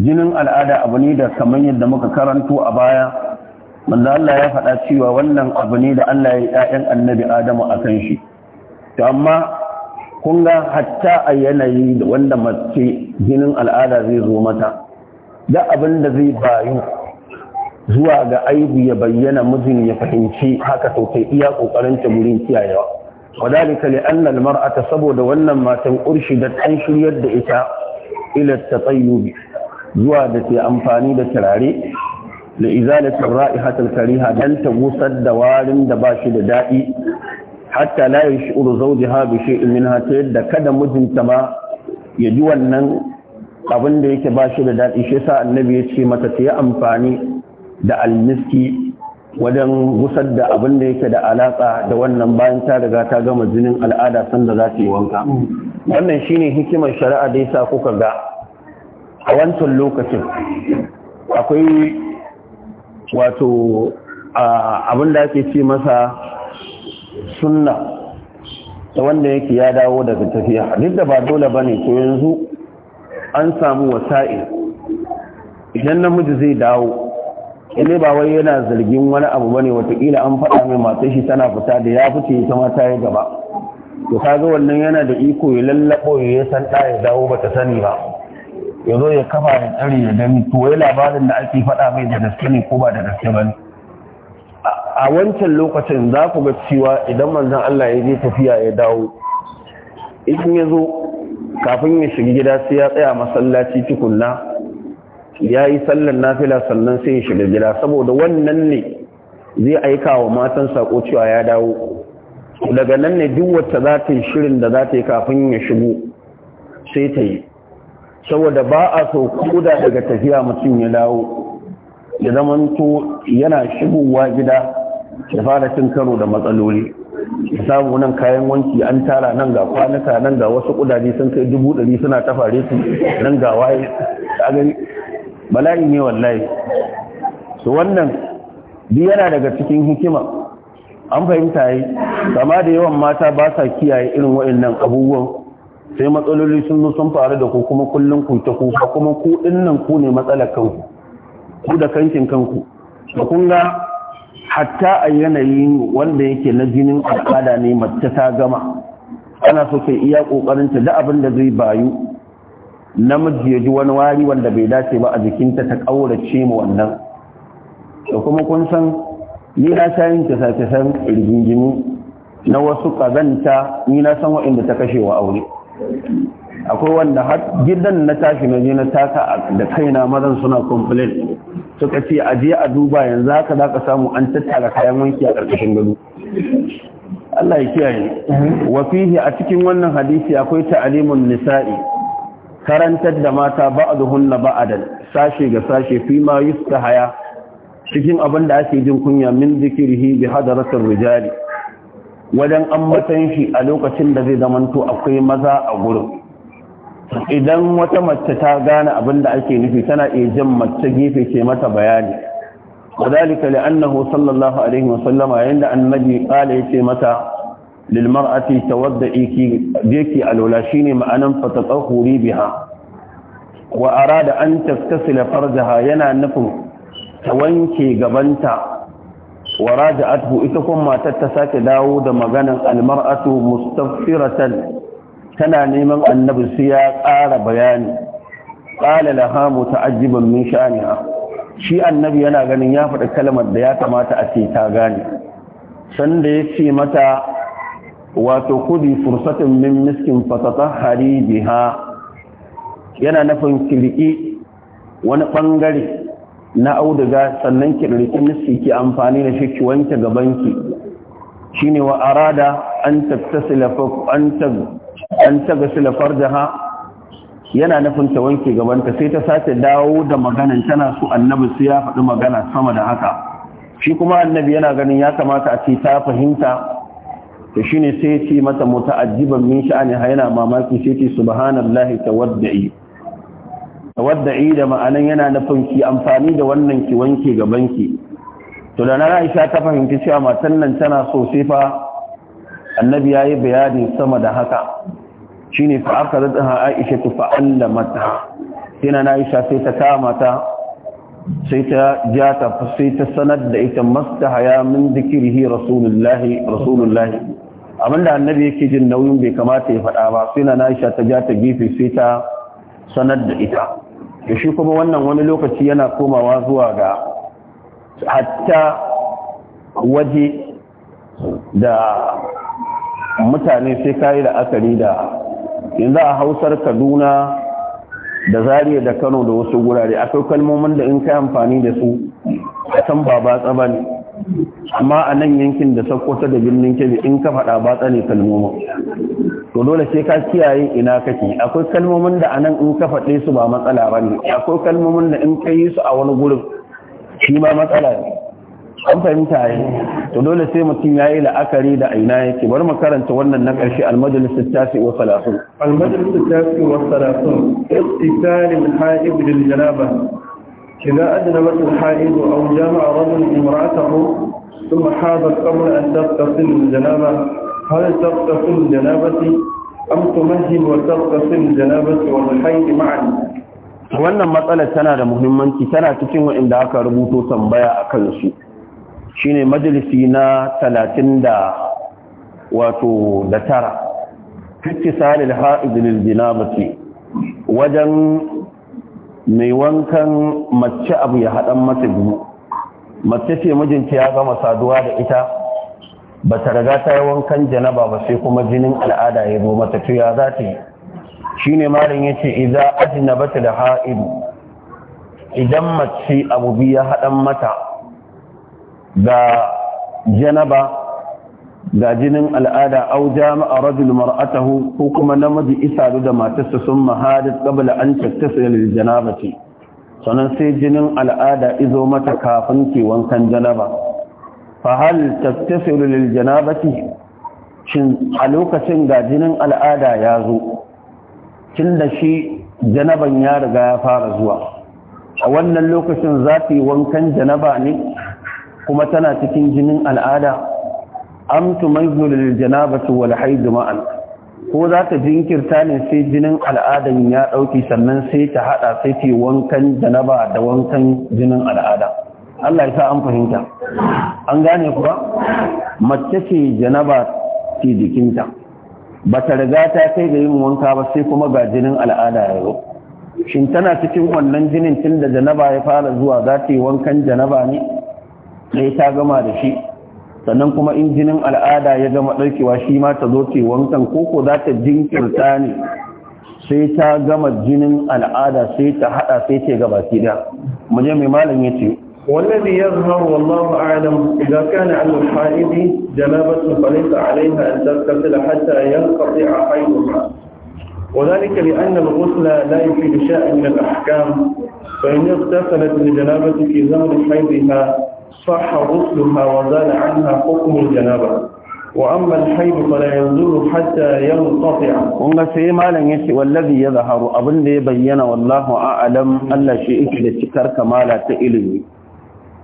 jinin al'ada abu ne da kamar yadda muka karanto a baya manzo Allah ya faɗa cewa wannan abu ne da Allah ya yi ƴaƴan annabi Adamu a kan shi to amma kun ga hatta a yanayi da wanda mace jinin al'ada zai zo mata da abin da zai bayu zuwa ga aibu ya bayyana mijin ya fahimci haka to sai iya kokarin ta gurin kiyayewa wadalika li anna al mar'ata saboda wannan matan urshi da shiryar da ita ila tatayyubi zuwa da ke amfani da turare da izalatin ra'ihatul kariha dan ta busar da warin da ba shi da daɗi hatta la yashuru zawjiha bi shay'in minha ta yadda kada mijinta ma ya ji wannan abin da yake ba shi da daɗi shi sa annabi ya ce mata ta yi amfani da almiski wajen gusar da abin da yake da alaƙa da wannan bayan ta riga ta gama jinin al'ada sanda za ta yi wanka wannan shine hikimar shari'a da yasa kuka ga a wancan lokacin akwai wato abin da ake ce masa sunna wanda yake ya dawo daga tafiya duk da ba dole ba ne to yanzu an samu wasa'i idan namiji zai dawo ile ba wai yana zargin wani abu bane watakila an faɗa mai masu shi tana fita da ya fice ta mata ya gaba to kaga wannan yana da iko ya lallabo ya san da ya dawo ta sani ba ya zo ya kafa ya tsare ya dami to wai labarin da ake faɗa mai da gaske ne ko ba da gaske ba a wancan lokacin za ku ga cewa idan manzan Allah ya je tafiya ya dawo in ya zo kafin ya shiga gida sai ya tsaya masallaci tukunna ya yi sallan nafila sannan sai ya shiga gida saboda wannan ne zai aika wa matan sako cewa ya dawo daga nan ne duk wacce za ta yi shirin da za ta yi kafin ya shigo sai ta yi saboda ba a so koda daga tafiya mutum ya dawo ya zamanto yana shigowa gida ya fara cin karo da matsaloli ya samu nan kayan wanki an tara nan ga kwanuka nan ga wasu kudaje sun kai dubu ɗari suna tafare su nan ga waye bala'i ne wallahi su wannan bi yana daga cikin hikima an fahimta yi kama da yawan mata ba sa kiyaye irin wa'in nan abubuwan sai matsaloli sun zo sun faru da ku kuma kullum ku ta kuka kuma ku nan ku ne matsalar kanku ku da kankin kanku da kun ga hatta a yanayin wanda yake na jinin al'ada ne mace ta gama ana so kai iya kokarin ta da abin da zai bayu namiji ya ji wani wari wanda bai dace ba a jikinta ta kaurace mu wannan da kuma kun san ni na sayin ta sace san na wasu kazanta ni na san waɗanda ta kashe wa aure akwai wanda har gidan na tashi na je na taka da kaina mazan suna complain suka ce a je a duba yanzu haka za ka samu an tattara kayan wanki a ƙarƙashin gado Allah ya kiyaye wa fihi a cikin wannan hadisi akwai ta'alimun nisa'i karantar da mata ba'dhunna ba'dan sashe ga sashe fi ma yustahaya cikin abin da ake jin kunya min zikirhi bi hadaratir rijali wajen an shi a lokacin da zai zamanto akwai maza a gurin idan wata mace ta gane abin da ake nufi tana iya jan mace gefe ce mata bayani وذلك لأنه صلى الله عليه وسلم عند النبي قال يتي متى للمرأة تودئيك ديكي biha. معنا فتطهري بها وأراد أن تغتسل فرجها ينا نفو wanke قبنتا wa raja'athu ita kuma matar ta sake dawo da maganan almar'atu mustaghfiratan tana neman annabi sai ya ƙara bayani qala laha muta'ajjiban min sha'niha shi annabi yana ganin ya faɗi kalmar da ya kamata a ce ta gane sanda ya ce mata wato kudi fursatin min miskin fatata hari biha yana nufin kirki wani ɓangare na auduga sannan ki ɗauki nasi ki amfani da shi ki wanke gabanki shine wa arada an tattasila an an tagasila yana nufin ta wanke gabanta sai ta sace dawo da maganan tana so annabi sai ya faɗi magana sama da haka shi kuma annabi yana ganin ya kamata a ce ta fahimta to shine sai ya ce mata muta'ajjiban min sha'ani yana mamaki sai ce subhanallahi tawaddi yi da ma'anan yana nufin ki amfani da wannan ki wanke gabanki to da na Aisha ta fahimci cewa matan nan tana so sai fa annabi yayi bayani sama da haka shine fa akadatha Aisha fa allamata kina na Aisha sai ta kama ta sai ta ja ta sai ta sanar da ita mastahaya min dhikrihi rasulullahi rasulullahi abinda annabi yake jin nauyin bai kamata ya faɗa ba sai na Aisha ta ja ta gefe sai ta sanar da ita da shi kuma wannan wani lokaci yana komawa zuwa ga hatta waje da mutane sai kayi da asali da yanzu a hausar kaduna da zariya da kano da wasu gurare akwai kalmomin da in kai amfani da su a can ba batsa ba ne amma a nan yankin da sakkwata da birnin kebe in ka faɗa batsa ne kalmomin to dole sai ka kiyaye ina kake akwai kalmomin da anan in ka faɗe su ba matsala ba ne akwai kalmomin da in ka yi su a wani gurin shi ma matsala ne an fahimta yi to dole sai mutum ya yi la'akari da aina yake bari mu karanta wannan na ƙarshe almajalisu tasi wa salasun almajalisu tasi wa salasun istisalin ha'ib lil janaba إذا a wujama a جامع رجل امرأته ثم حاضت قبل أن تغتسل الجنابة هل تغتسل جنابتي أم تمهل وتغتسل جنابتي والحيض معا wannan matsalar tana da muhimmanci tana cikin waɗanda aka rubuto tambaya a kansu shine majalisi na talatin da wato da tara ittisalil ha'id jinabati wajen mai wankan mace abu ya haɗan masa biyu mace ce mijinta ya gama saduwa da ita ba ta riga ta yi wankan janaba ba sai kuma jinin al'ada ya zo mata to ya za ta yi shi ne malin ya ce iza ta da ha'idu idan mace abu biya haɗan mata ga janaba ga jinin al'ada au jama'a rajul mar'atahu ko kuma namiji isadu da matarsa sun mahadis qabla an tattasa lil janabati sannan sai jinin al'ada izo mata kafin ke wankan janaba fa hal lil janabati shin a lokacin ga jinin al'ada ya zo tun da shi janaban ya riga ya fara zuwa a wannan lokacin za ta yi wankan janaba ne kuma tana cikin jinin al'ada am tumayyizu lil janabati wal haid ma'an ko za ta jinkirta ne sai jinin al'adan ya ɗauki sannan sai ta haɗa sai ta yi wankan janaba da wankan jinin al'ada Allah ya sa an fahimta an gane kuwa mace ce janaba ce jikinta ba ta riga ta kai ga yin wanka ba sai kuma ga jinin al'ada ya zo shin tana cikin wannan jinin tun da janaba ya fara zuwa za ta yi wankan janaba ne sai ta gama da shi sannan kuma in jinin al'ada ya gama ɗaukewa shi ma ta zo ce wankan koko za ta jinkirta ne sai ta gama jinin al'ada sai ta haɗa sai ce gaba kida mu je mai malam ya ce والذي يظهر والله أعلم إذا كان عن الحائض جنابة فليس عليها أن تغتسل حتى ينقطع حيضها وذلك لأن الغسل لا يفيد شيئا من الأحكام فإن اغتسلت الجنابة في زمن حيضها صح غسلها وزال عنها حكم الجنابة وأما الحيض فلا يزول حتى ينقطع ونغا سي مالن يشي والذي يظهر أبن لي بينا والله أعلم ألا شيء إكل تكر كمالا تئلمي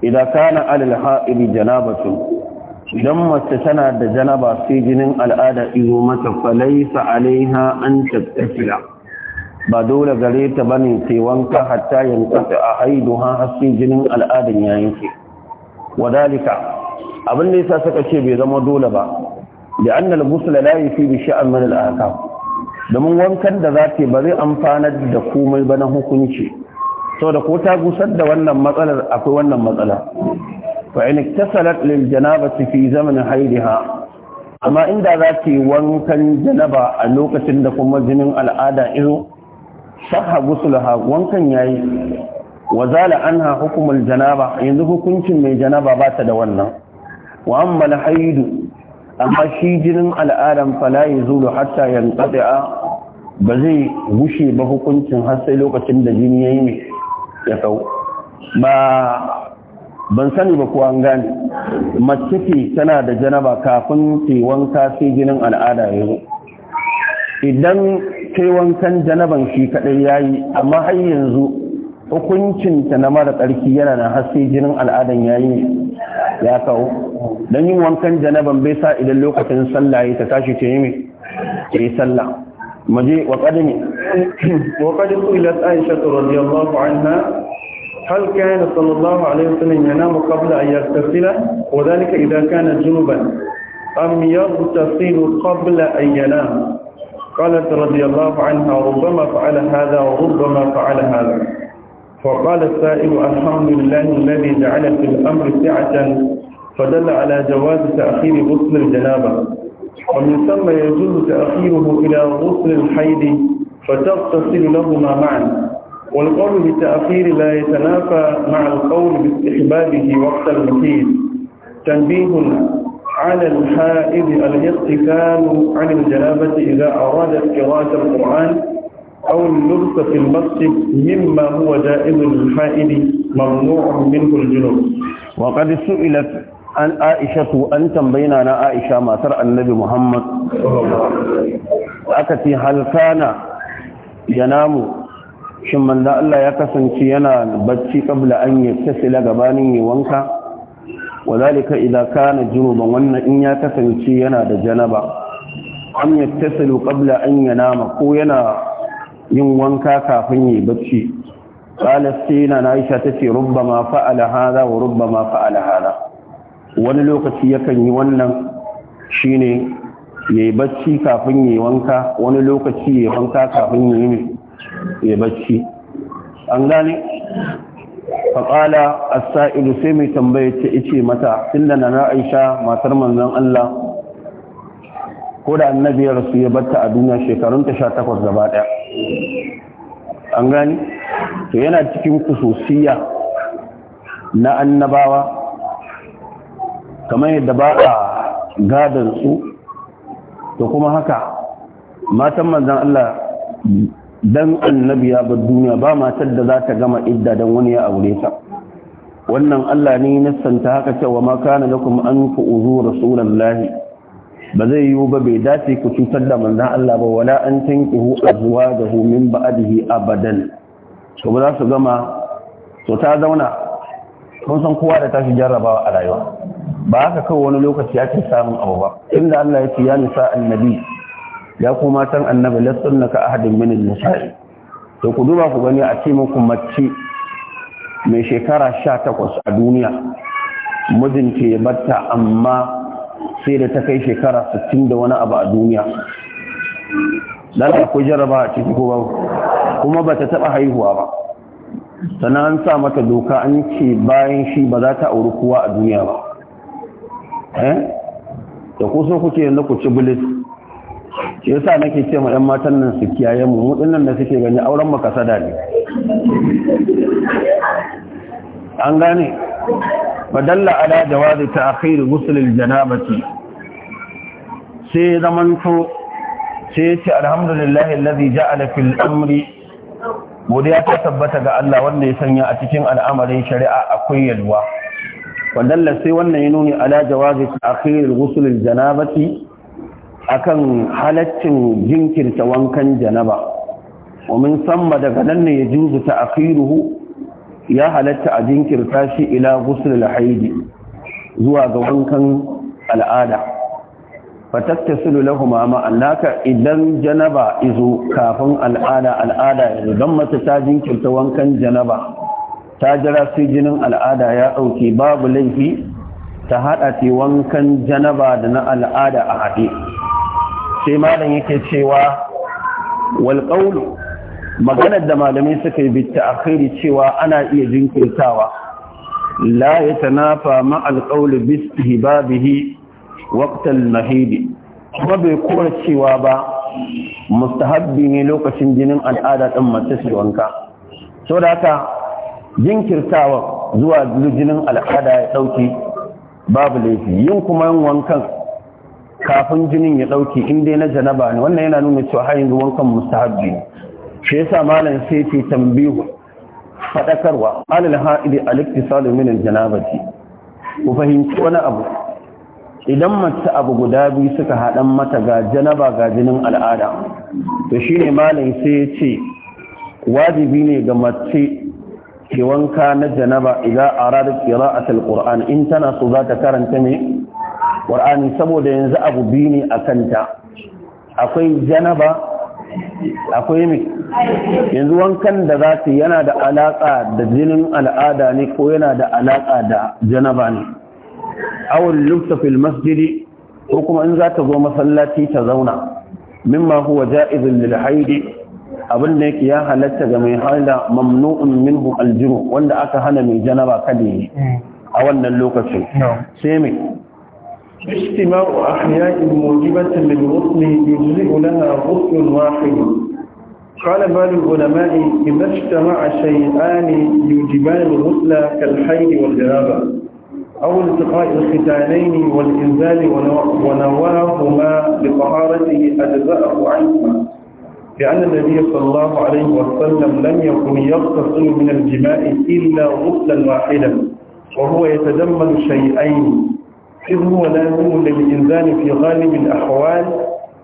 idan kana alal ha'ili janabatu idan mace tana da janaba sai jinin al'ada izo mata falaisa alaiha an tattasila ba dole gare ta bane sai wanka hatta yankasa a haidu har sai jinin al'adan ya yanke wadalika abin da yasa suka ce bai zama dole ba da anna al-ghusl la yafi bi sha'an min al-ahkam domin wankan da zata ba zai amfanar da komai ba na hukunci saboda ko ta gusar da wannan matsalar akwai wannan matsala fa in iktasalat lil janabati fi zamanin haidiha amma inda za ta yi wankan janaba a lokacin da kuma jinin al'ada izo sahha gusulaha wankan yayi wa zala anha hukumul janaba yanzu hukuncin mai janaba ba ta da wannan wa haidu amma shi jinin al'adam fala yazulu hatta yanqati'a ba zai gushe ba hukuncin har sai lokacin da jini yayi ya tsawo ba ban sani ba kuwa an gane mace tana da janaba kafin ta wanka sai jinin al'ada ya zo idan ta wankan janaban shi kadai yi, amma har yanzu hukuncinta na mara tsarki yana na haske jinin al'adan ya yi ya kawo don yin wankan janaban bai sa idan lokacin sallah ya ta tashi ta yi mai ta sallah مجيء وقدمي وقد سئلت (coughs) عائشة رضي الله عنها هل كان صلى الله عليه وسلم ينام قبل أن يغتسل وذلك إذا كان جنبا أم يغتسل قبل أن ينام قالت رضي الله عنها ربما فعل هذا وربما فعل هذا فقال السائل الحمد لله الذي جعل في الأمر سعة فدل على جواز تأخير غسل الجنابة ومن ثم يجوز تأخيره إلى غسل الحيض فتغتسل لهما معا والقول بالتأخير لا يتنافى مع القول باستحبابه وقت المحيط تنبيه على الحائض الاغتسال عن الجنابة إذا أرادت قراءة القرآن أو اللبس في المسجد مما هو جائز للحائض ممنوع منه الجنوب وقد سئلت an aishatu an tambayina na aisha matar annabi muhammad aka ce halkana ya namu shin manzo Allah ya kasance yana bacci kabla an yattasila gabanin yi wanka wadalika idan kana junuban wannan in ya kasance yana da janaba an yattasilu kabla an nama ko yana yin wanka kafin yi bacci qala sayyidina aisha tace rubbama fa'ala hadha wa rubbama fa'ala wani lokaci yakan yi wannan shine ya yi bacci kafin ya yi wanka wani lokaci ya yi wanka kafin ya yi ya bacci an gane faƙala sa’ilu sai mai tambaye ta ice mata tunda na na’aisha matar manzon Allah ko da annabi ya rasu ya batta a duniya ta sha takwas gaba ɗaya an gani to yana cikin kususiya na annabawa kamar yadda ba a gadon su to kuma haka matan manzan Allah dan annabi ya bar duniya ba matar da za ta gama idda dan wani ya aure ta wannan Allah ne santa haka cewa ma kana lakum an fu'uzu rasulullahi ba zai yiwu ba bai dace ku cutar da manzan Allah ba wala an tankihu azwajahu min ba'dihi abadan to ba za su gama to ta zauna kun san kowa da tashi jarrabawa a rayuwa ba haka kawai wani lokaci ake samun abu ba inda Allah ya ce ya nisa annabi ya kuma san annabi na ka ahadin min nisa'i to ku duba ku gani a ce muku mace mai shekara 18 a duniya mijinta ya batta amma sai da ta kai shekara 60 da wani abu a duniya dan akwai jarrabawa a ciki ko ba kuma bata taba haihuwa ba sannan an sa mata doka an ce bayan shi ba za ta auri kowa a duniya ba eh da so kuke yanzu ku ci bulis ke yasa nake cewa ma 'yan matan nan su kiyaye mu mu dinnan da suke gani auren maka sada ne an gane fadalla ala jawazi ta'khir ghusl al-janabati sai to sai ce alhamdulillahi alladhi ja'ala fil amri godiya ta tabbata ga Allah wanda ya sanya a cikin al'amarin shari'a akwai yalwa wadalla sai wannan ya nuni ala jawazi akhirul ghusl janabati akan halaccin jinkirta wankan janaba wa min samma daga nan ne yajuzu ta'khiruhu ya halatta a jinkirta shi ila ghusl al-haidi zuwa ga wankan al'ada fatattasilu ma ma naka idan janaba izo kafin al'ada al'ada yanzu don mace ta jinkirta wankan janaba ta jira sai jinin al'ada ya ɗauke babu laifi ta haɗa ce wankan janaba da na al'ada a haɗe sai malam yake cewa walƙaulu maganar da malamai suka yi bitta a cewa ana iya jinkirtawa la ya tanafa ma'alƙaulu bistihi babihi Waktan mahidi kuma bai kora cewa ba mustahabbi ne lokacin jinin al'ada ɗin mace su wanka So da haka jinkirtawa zuwa jinin al'ada ya ɗauki babu laifi yin kuma yin wankan kafin jinin ya ɗauki in dai na janaba ne wannan yana nuna cewa har yanzu wankan mustahabbi ne shi yasa malam sai ce tambihu fadakarwa alal ha'idi al-iktisal min al-janabati ku fahimci wani abu idan mace abu guda biyu suka haɗan mata ga janaba ga jinin al'ada to shi ne malin sai ya ce wajibi ne ga mace ke wanka na janaba idan a radar kira a talƙur'an in tana so za ta karanta ne ƙur'ani saboda yanzu abu biyu ne a kanta akwai janaba akwai mai yanzu wankan da za ta yana da alaƙa da jinin al'ada ne ko yana da alaƙa da janaba ne awul lufta fil masjidi ko kuma in za ta zo masallaci ta zauna mimma huwa ja'izun lil haidi abin da yake ya halatta ga mai haila mamnu'un minhu aljunu wanda aka hana mai janaba kada a wannan lokacin sai mai istima'u ahya'in mujibatin lil ghusli yujzi'u laha ghuslun wahid قال بعض العلماء إذا اجتمع شيئان يوجبان الغسل كالحيض والجنابة أو التقاء الختانين والإنزال ونواهما بطهارته أجزأه عنهما لأن النبي صلى الله عليه وسلم لم يكن يغتسل من الجماء إلا غسلا واحدا وهو يتجمل شيئين إذ هو لازم للإنزال في غالب الأحوال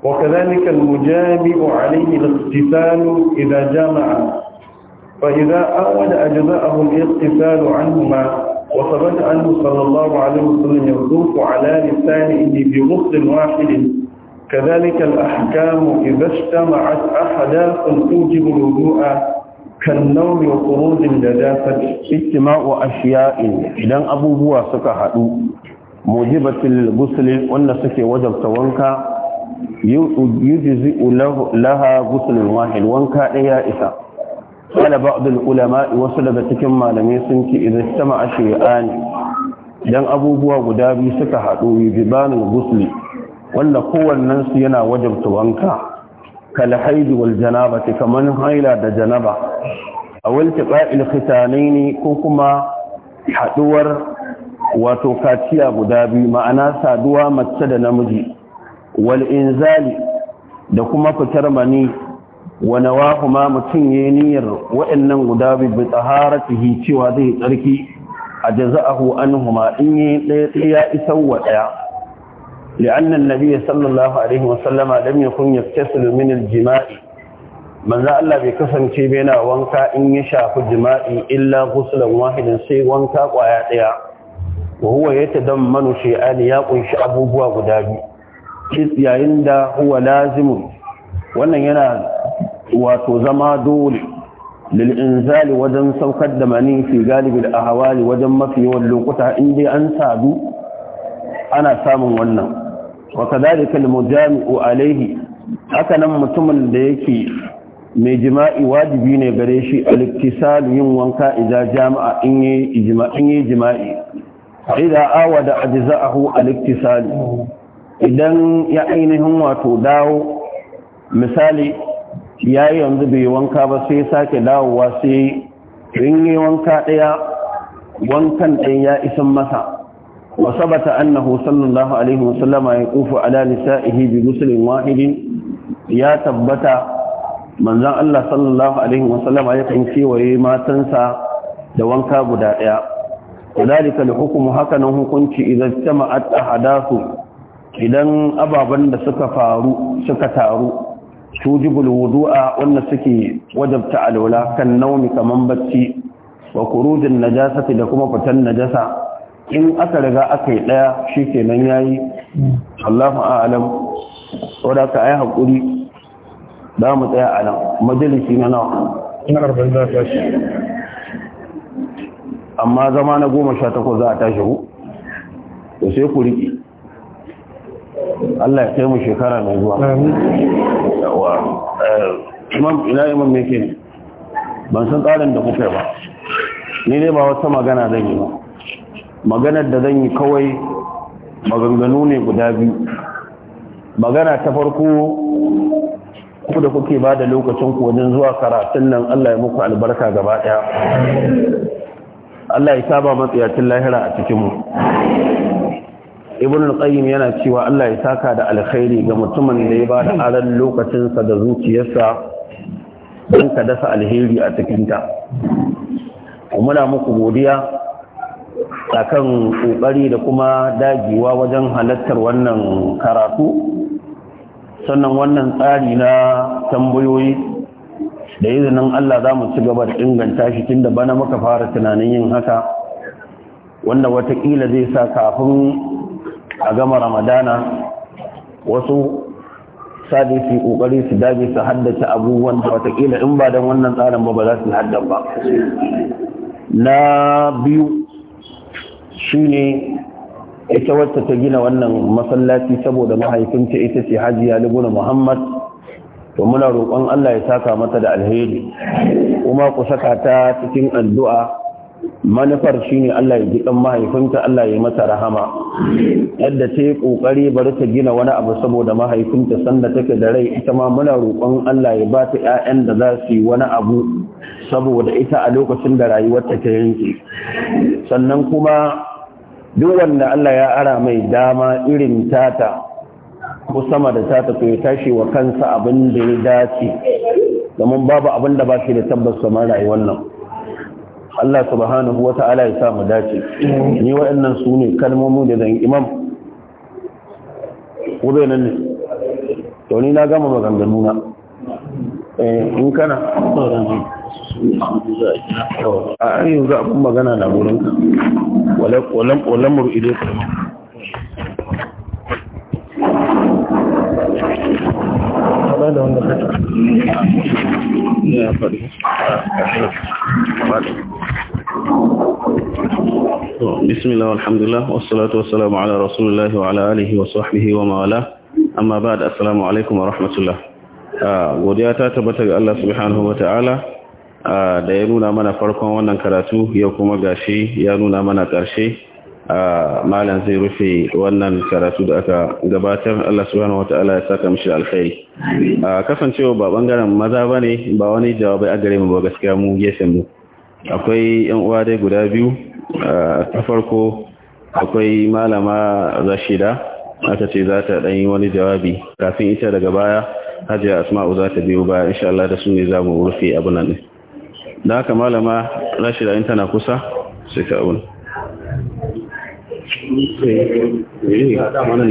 وكذلك المجامع عليه الاغتسال إذا جامع فإذا أول أجزاءه الاغتسال عنهما وثبت أنه صلى الله عليه وسلم يردوك على لسانه بمخض واحد كذلك الأحكام إذا اجتمعت أحداث توجب الوضوء كالنوم وخروج النجاسة اجتماع أشياء إذا أبو بوا سكهدو موجبة الغسل وأن سكي وجب توانكا يجزئ لها غسل واحد وانكا إيا إسا قال بعض العلماء daga cikin malamai sun ce idan sama a shi'ani idan abubuwa guda biyu suka haɗu bibanin gusli wanda kowannen su yana wajabta wanka kal haidi wal janaba kaman haila da janaba a walta qa'il khitanaini ko kuma haɗuwar wato kaciya guda biyu ma'ana saduwa mace da namiji wal inzali da kuma fitar mani wa nawahu ma mutum ya yi niyyar waɗannan guda bi bi tsahara cewa zai tsarki a jaza'ahu an huma in yi ɗaya ɗaya isa wa ɗaya li'annan nabi ya sallallahu alaihi wasallama don ya kun yafi kesa domin jima'i manza allah bai kasance bai na wanka in ya shafi jima'i illa gusulan wahidin sai wanka kwaya ɗaya wa huwa ta dan manu shi'ani ya ƙunshi abubuwa guda biyu yayin da huwa lazimun wannan yana wato zama dole lil'inzali wajen saukar da mani fi galibi da ahawali wajen mafi yawan lokuta inda an sadu ana samun wannan wa kadhalika al-mujami'u alayhi haka nan mutumin da yake mai jima'i wajibi ne gare shi al-iktisal yin wanka idan jama'a in yi jima'i idan awa da ajza'ahu al-iktisal idan ya ainihin wato dawo misali ya yi yanzu bai wanka ba sai sake dawowa sai yin yi wanka ɗaya wankan ɗaya ya isan masa wa sabata annahu sallallahu alaihi wasallama ya kufu ala nisa'ihi bi musulun wahidin ya tabbata manzon Allah sallallahu alaihi wasallama ya kan kiwaye matansa da wanka guda ɗaya da ذلك الحكم هكذا هو إذا اجتمعت أحداث إذا أبا بند suka taru. tujibu wudu'a wanda suke wajabta alwala kan naumi kaman bacci wa kurujin najasati da kuma fitan najasa in aka riga aka yi daya shikenan yayi Allahu a'lam wanda ka ayi hakuri da mu tsaya a nan majalisi na nawa ina arba'in da tashi amma zama na goma sha takwas za a tashi ku to sai ku riƙe Allah ya kai mu shekara mai zuwa Eh, ina imam ban san tsarin da kuka ba ni ne ba wata magana zan yi ba maganar da zan yi kawai maganganu ne guda biyu magana ta farko ku da kuke ba da lokacin ku wajen zuwa karatun nan Allah ya muku albarka gaba daya Allah ya saba matsayacin lahira a cikinmu ibn al-qayyim yana cewa Allah ya saka da alkhairi ga mutumin da ya ba da aran lokacinsa da zuciyarsa don ka dasa alheri a cikinta muna muku godiya akan kokari da kuma dagewa wajen halattar wannan karatu sannan wannan tsari na tambayoyi da izinin Allah za mu ci gaba da inganta shi tun da bana muka fara tunanin yin haka wanda watakila zai sa kafin a gama ramadana wasu sadi su kokari su dage su haddace abubuwan da watakila in ba don wannan tsarin ba ba za su haddan ba na biyu shi ne ita wacce ta gina wannan masallaci saboda mahaifinta ita ce hajiya liguna muhammad to muna roƙon allah ya saka mata da alheri kuma ku saka ta cikin addu'a manufar shine Allah ya ji dan mahaifinta Allah ya mata rahama yadda ta yi kokari bari ta gina wani abu saboda mahaifinta sanda take da rai ita ma muna roƙon Allah ya ba ta ƴaƴan da za su yi wani abu saboda ita a lokacin da rayuwar ta yanke sannan kuma duk wanda Allah ya ara mai dama irin tata ko sama da tata to ya tashi wa kansa abin da ya dace domin babu abin da ba shi da tabbas kamar rayuwar nan Allah subhanahu wa ta'ala ya sa mu dace ni wa'annan su ne kalmomin da zan imam ko bai nan ne to ni na gama maganganu na eh in kana a yanzu abin magana na wurinka walamur idai kalmomin ba da wanda kata ya faru بسم الله والحمد لله والصلاة والسلام على رسول الله وعلى آله godiya ta tabbata ga Allah subhanahu wa ta'ala ah, da ya nuna mana farkon wannan karatu ya kuma gashi ya nuna mana ƙarshe malam zai rufe wannan karatu da aka gabatar Allah subhanahu wataala ya saka mishi alkhairi kasancewa ba bangaren maza bane ba wani jawabi a gare mu ba gaskiya mu gefen mu akwai yan uwa dai guda biyu ta farko akwai malama Rashida aka ce za ta dan yi wani jawabi kafin ita daga baya Hajiya Asma'u za ta biyo ba insha Allah da su ne za mu rufe abunan nan da haka malama Rashida in tana kusa sai ka abuna eh eh dama nan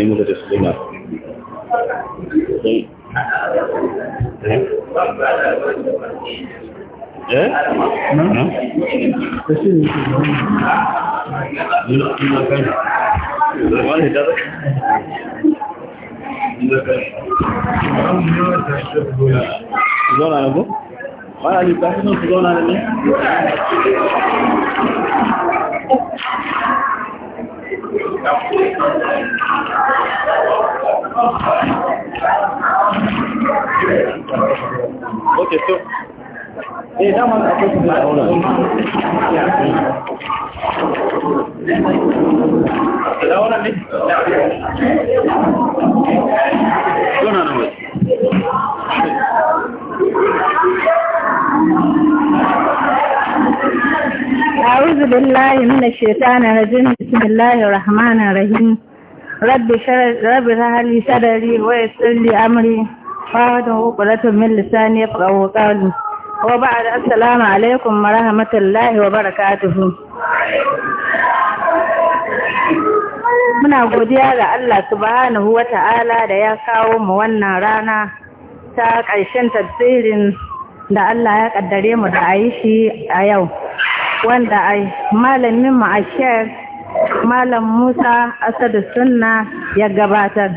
da na Oke, tuh. Eh, nama aku sudah tahu lah. Sudah orang ni? Sudah. Sudah nama. أعوذ بالله من الشيطان الرجيم بسم الله الرحمن الرحيم رب شر رب سهل لي صدري ويسر لي أمري فاهد عقدة من لساني يفقهوا قولي وبعد السلام عليكم ورحمة الله وبركاته من godiya ga Allah subhanahu wa ta'ala da ya kawo mu wannan rana ta da Allah ya kaddare mu da a a yau. wanda a malamin mu a malam musa asadu sunna ya gabatar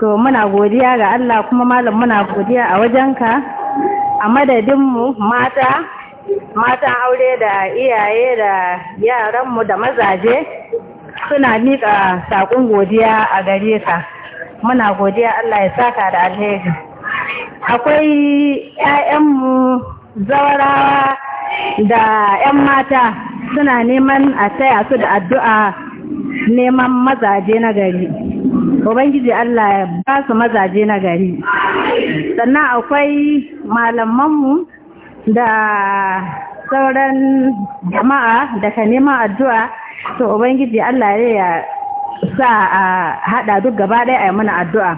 to muna godiya ga allah kuma malam muna godiya a wajenka a madadinmu mata matan aure da iyaye da yaranmu da mazaje suna miƙa saƙon godiya a gare ka muna godiya Allah ya saka da alheri akwai 'ya'yanmu zawarawa da 'yan mata suna neman a taya su da addu'a neman mazaje na gari ubangiji Allah ya ba su mazaje na gari sannan akwai malamanmu da sauran jama'a da ka neman addu'a to ubangiji Allah ya sa a haɗa duk gaba ɗaya a yi muna addu'a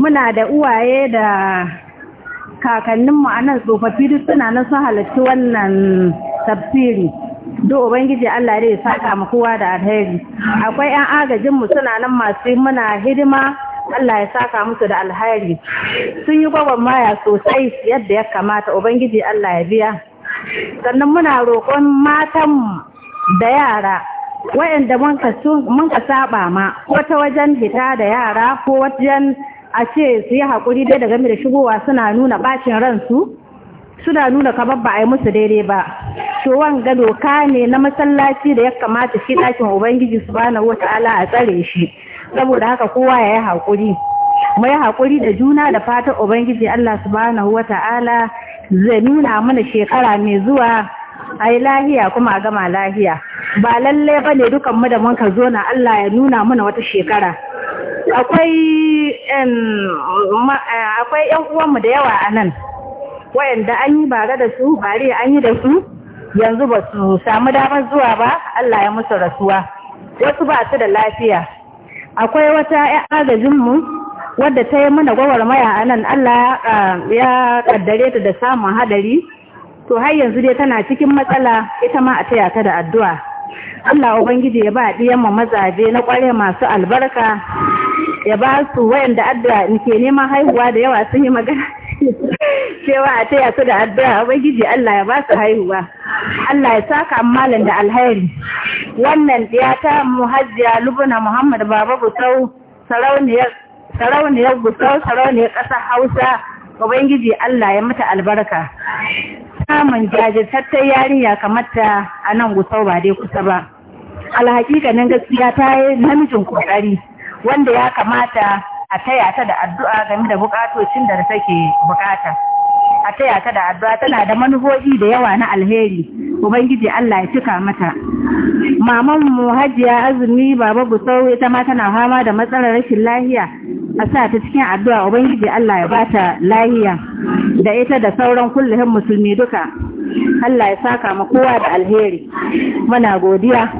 muna da uwaye da kakanninmu a nan tsofaffi duk suna nan sun halarci wannan tafsiri duk ubangiji Allah ya saka mu kowa da alheri akwai yan agajinmu suna nan masu muna hidima Allah ya saka musu da alheri sun yi maya sosai yadda ya kamata ubangiji Allah ya biya sannan muna roƙon matan da yara waɗanda mun ka saba ma ko ta wajen hita da yara ko wajen a ce su yi haƙuri dai da game da shigowa suna nuna ɓacin ransu suna nuna kamar ba a yi musu daidai ba to wanga doka ne na masallaci da ya kamata shi ɗakin ubangiji su wata ala a tsare shi saboda haka kowa ya yi haƙuri mu yi haƙuri da juna da fatan ubangiji Allah wata ala zai nuna mana shekara mai zuwa a yi lahiya kuma a gama lahiya ba lallai ba ne mu da mun ka zo na Allah ya nuna mana wata shekara akwai eh, akwai yan uwanmu da yawa anan, nan an yi bare da su bare an yi da su yanzu ba su samu damar zuwa ba Allah ya musu rasuwa wasu ba su da lafiya akwai wata yan agajinmu wadda ta yi mana gwawar maya anan, Allah eh, ya kaddare ta da samun hadari to har yanzu dai tana cikin matsala ita ma a taya ta da addu'a Allah Ubangiji ya ba ɗiyanmu mazaje na ƙware masu albarka ya ba su wayanda addu'a ke neman haihuwa da yawa sun yi magana (laughs) cewa a taya su da addu'a Ubangiji Allah ya ba su haihuwa Allah ya saka malam da alheri wannan ta muhajjiya Lubuna Muhammad Baba Gusau sarauniyar sarauniyar Gusau sarauniyar ƙasar Hausa Ubangiji Allah ya mata albarka samun jajirtattar yarinya kamar ta a nan gusau ba dai kusa ba alhaƙiƙanin gaskiya ta yi namijin ƙoƙari wanda ya kamata a taya ta da addu'a game da buƙatocin da take buƙata a taya ta da addu'a tana da manufofi da yawa na alheri ubangiji Allah ya cika mata maman mu hajiya azumi baba gusau ita ma tana fama da matsalar rashin lahiya a sa ta cikin addu'a ubangiji Allah ya bata lahiya da ita da sauran kullum musulmi duka Allah ya saka ma kowa da alheri muna godiya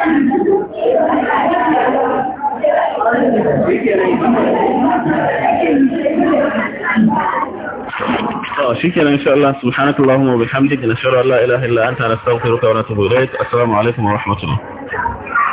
Thank you. آه، شكرا ان شاء الله سبحانك اللهم وبحمدك نشهد ان لا اله الا انت نستغفرك ونتوب اليك السلام عليكم ورحمه الله